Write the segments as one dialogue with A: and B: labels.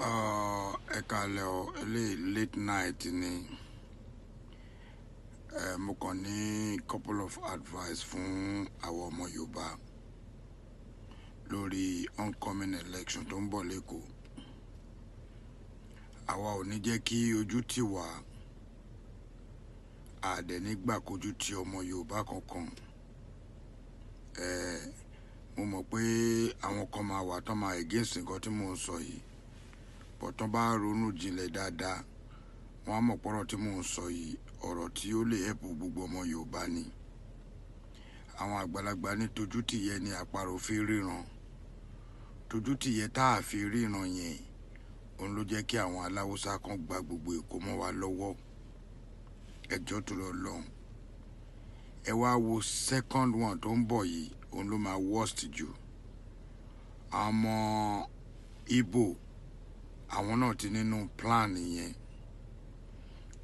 A: ẹ kalẹ̀ eléyìí late night ni ẹ mo kàn ní couple of advice fún àwọn ọmọ Yorùbá lórí oncoming election tó ń bọ̀ lẹ́kọ̀ọ́ àwa ò ní jẹ́ kí ojú tì wá àdẹ̀ nígbà kojú ti ọmọ Yorùbá kankan ẹ mo mọ̀ pé àwọn kan máa wà tán máa against nǹkan tí mò ń sọ yìí bọ̀ tán bá ronú jinlẹ̀ dáadáa wọ́n á mọ̀ pọ́rọ̀ tí mò ń sọ yìí ọ̀rọ̀ tí ó lè ẹ̀pù gbogbo ọmọ Yorùbá ni àwọn àgbàlagbà ní tójú tìyẹ ni àparò fi ríran tójú tá a fi ríran yẹn òun ló jẹ́ kí àwọn aláwùsá kan gba gbogbo Èkó mọ́ wa lọ́wọ́ ẹjọ́ tó lọ lọ́hùn ẹ wá wo second one tó ń bọ̀ yìí òun ló máa worst jù àmọ́ Ibo àwọn náà ti nínú plan yẹn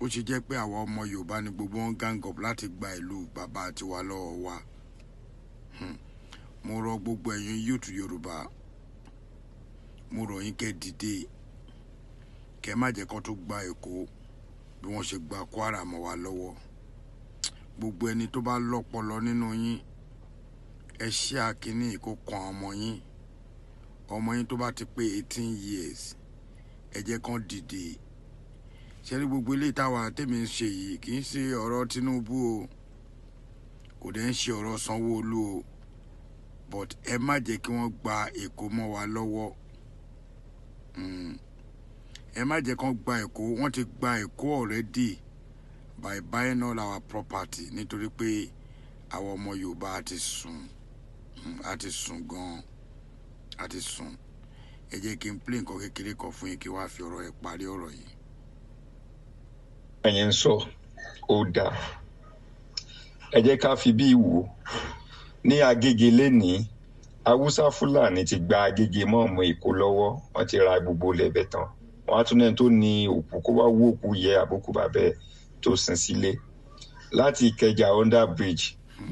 A: ó ṣe jẹ́ pé àwa ọmọ yorùbá ni gbogbo wọn gang up láti gba ìlú bàbá tiwa lọ́wọ́ wa hmm. mo rọ gbogbo ẹ̀yin youth yorùbá mo rọ yín kẹ́ dìde kẹ́ má jẹ́ kó tó gba èkó bí wọ́n ṣe gba kwara mọ́ wa lọ́wọ́ gbogbo ẹni tó bá lọ́pọlọ nínú yín ẹ ṣe àkíní kó kan ọmọ yín ọmọ yín tó bá ti pé eighteen years ẹ jẹ́ kán dìde ṣẹ́rí gbogbo ilé ìtawà tèmi ń ṣe yìí kì í ṣe ọ̀rọ̀ Tinubu o kò dẹ̀ ń ṣe ọ̀rọ̀ Sanwó-Olú o but ẹ má jẹ́ kí wọ́n gba Èkó mọ́ wa lọ́wọ́ hmm. ẹ má jẹ́ kán gba Èkó wọ́n ti gba Èkó already by buying all our property nítorí pé àwọn ọmọ Yorùbá a ti sùn hmm. a ti sùn gan-an a ti sùn ẹ jẹ́ kí n plé nǹkan kékeré kan fún yín kí wàá fi ọ̀rọ̀ ẹ parí ọ̀rọ̀ yìí.
B: ẹ̀yin ń sọ ó dáa ẹ jẹ́ ká fi bí wò ní Agége lénìí haúsá fúlàní ti gba Agége mọ́ọ̀mù Èkó lọ́wọ́ wọ́n ti ra gbogbo lẹ́bẹ̀ tán wọ́n á tún náà tó ní òkú kó wá wó òkú yẹ àbókù bàbẹ́ tó sin sílé láti Ìkẹjà under bridge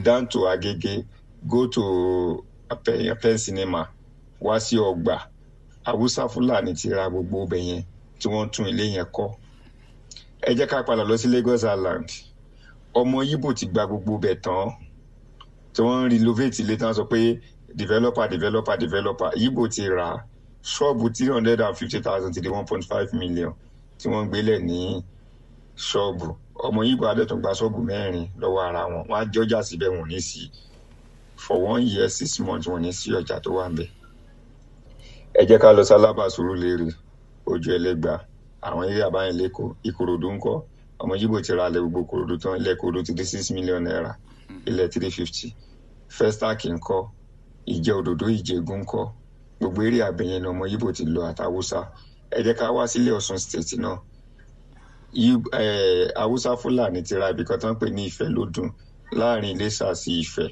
B: down to Agége go to Pen Cinema wá sí ọgbà haúsá fúlàní ti ra gbogbo ibẹ̀ yẹn tí wọ́n tún ilé yẹn kọ́ ẹ jẹ́ ká padà lọ sí Lagos Island ọmọ Yíbò ti gba gbogbo ibẹ̀ tán tí wọ́n ń renovate ilé tán sọ pé developer developer developer Yíbò ti ra ṣọ́ọ̀bù three hundred and fifty thousand ti di one point five million tí wọ́n ń gbélẹ̀ ní ṣọ́ọ̀bù ọmọ Yíbò adẹ́tùn gba ṣọ́ọ̀bù mẹ́rin lọ́wọ́ ara wọn wọ́n á jọjà síbẹ̀ wọ́n ní sí for one year six months wọ́n ní sí ọjà tó wà ń ẹ jẹ́ ká lọ sálábà Sùúrùlérè ojú ẹlẹ́gbà àwọn eré àbáyìn lẹ́kọ̀ọ́ Ìkòròdú ńkọ́ ọmọ Yíbò ti ra ilẹ̀ gbogbo Ìkòròdú tán ilẹ̀ Ìkòròdú ti di six million naira hmm. ilẹ̀ three fifty Festac ńkọ́ ìjẹ́ òdòdó ìjẹ́gun ńkọ́ gbogbo eré àbẹ̀yẹn ni ọmọ Yíbò ti lọ àtàwùsá ẹ jẹ́ ká wá sílẹ̀ Ọ̀ṣun state náà haúsá fúlàní ti ra ibìkan tó ń pè ní Ifẹ̀ lódùn láàrin Iléṣà sí Ifẹ̀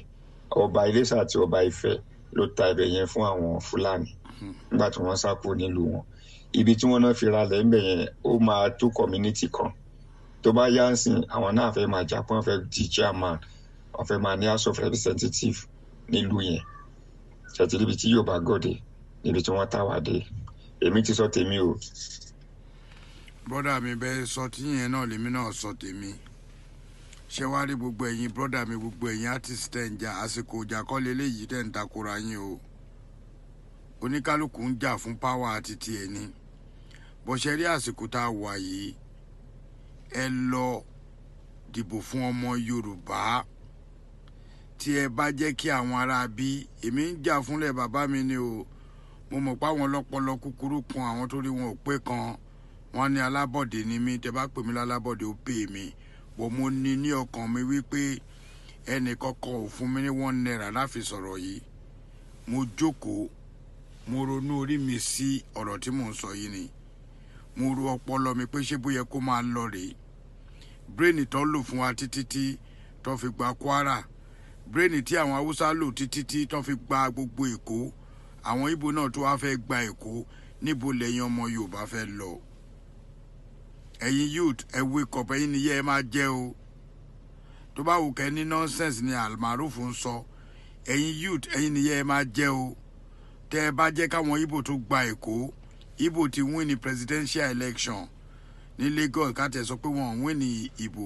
B: ọba Iléṣà àti ọba Ifẹ̀ ló ta ibẹ̀ yẹn fún àwọn fúlàní nígbà tí wọ́n sá kúrò nílùú wọn ibi tí wọ́n náà fi ralẹ̀ ń bẹ̀ yẹn ó máa tó community kan tó bá yá ń sìn àwọn náà fẹ́ máa jà pé wọ́n fẹ́ di chairman wọ́n fẹ́ máa ní house representative nílùú yẹn ṣètì níbi tí yóò bá gòdè níbi tí wọ́n táwa dé èmi ti sọ tèmi o.
A: bọ́dà mi bẹ́ẹ̀ sọ tí yẹn náà lèmi náà sọ tèmi ṣé wàá rí gbogbo ẹ̀yin bọ́dà mi gbogbo ẹ̀yin artist tẹ̀ ń jà àsìkò ìjà kọ́ lélẹ́yìí tẹ̀ ń takora yín o oníkálukú ń jà fún páwá àti tiẹ̀ ni bọ́sẹ̀ rí àsìkò tá a wà yìí ẹ lọ dìbò fún ọmọ Yorùbá tí ẹ bá jẹ́ kí àwọn ará bí èmi ń jà fúnlẹ̀ bàbá mi ni o mo mọ̀ pé àwọn ọlọ́pọlọ kúkúrú kan àwọn tó rí wọn ò pé kan wọn ní alábọ̀dé ni mí tẹ bá pè mí lálábọ̀dé ó pè mí bọ́ mo ní ní ọkàn mi wípé ẹnì kọ̀ọ̀kan ò fún mi ní one naira láfi sọ̀rọ̀ yìí mo jókòó mo ronú orí mi sí ọ̀rọ̀ tí mò ń sọ yìí ni mo ro ọpọlọ mi pé ṣé bóyá kó máa lọ rèé bírèènì tó ń lò fún wa títí tí tó fi gba Kwara bírèènì tí àwọn Haúsá lò títí tí tó fi gba gbogbo Èkó àwọn Ìgbò náà tó wá fẹ́ gba Èkó níbo lẹ́yìn ọmọ Yorùbá fẹ́ lọ ẹ̀yin youth ẹ wake up ẹ̀yin nìyẹn ẹ máa jẹ́ o tó bá wù kẹ́ ní nonsense ni Almaroof ń sọ ẹ̀yin youth ẹ̀yin nìyẹn ẹ máa jẹ́ o tẹ́ ẹ bá jẹ́ káwọn ibo tó gba èkó ibo ti win ní presidential election ní Lagos káàtẹ sọ pé wọn ò win ní ìbò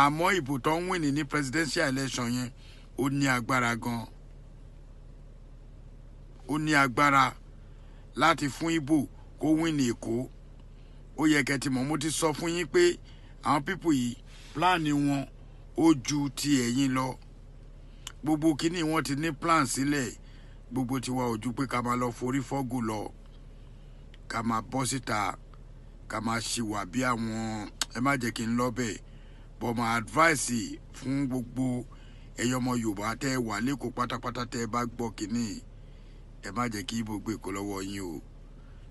A: àmọ́ ìbò tó ń win ní presidential election yẹn ó ní agbára gan ó ní agbára láti fún ibo kó win ní èkó ó yẹ kẹtìmọ̀ mo ti sọ fún yín pé àwọn pípò yìí pláàni wọn ó ju ti ẹ̀yìn lọ gbogbo kínní wọn ti ní plan sílẹ̀ si gbogbo tiwa ò ju pé ká máa lọ forí fọ́gò lọ ká máa bọ́ síta ká máa ṣìwà bí àwọn ẹ má jẹ́ kí n lọ bẹ́ẹ̀ bọ́ máa advice fún gbogbo ẹ̀yọ́ ọmọ Yorùbá tẹ́ ẹ wà lẹ́kọ̀ọ́ pátápátá tẹ́ ẹ bá gbọ́ kínní ẹ má jẹ́ kí ibo gbé kó lọ́wọ́ yín o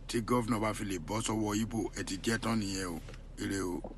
A: tí gọ́fìnà bá fi lè bọ́ sọ́wọ́ ibo ẹ ti jẹ́ tán nìyẹn o ire o.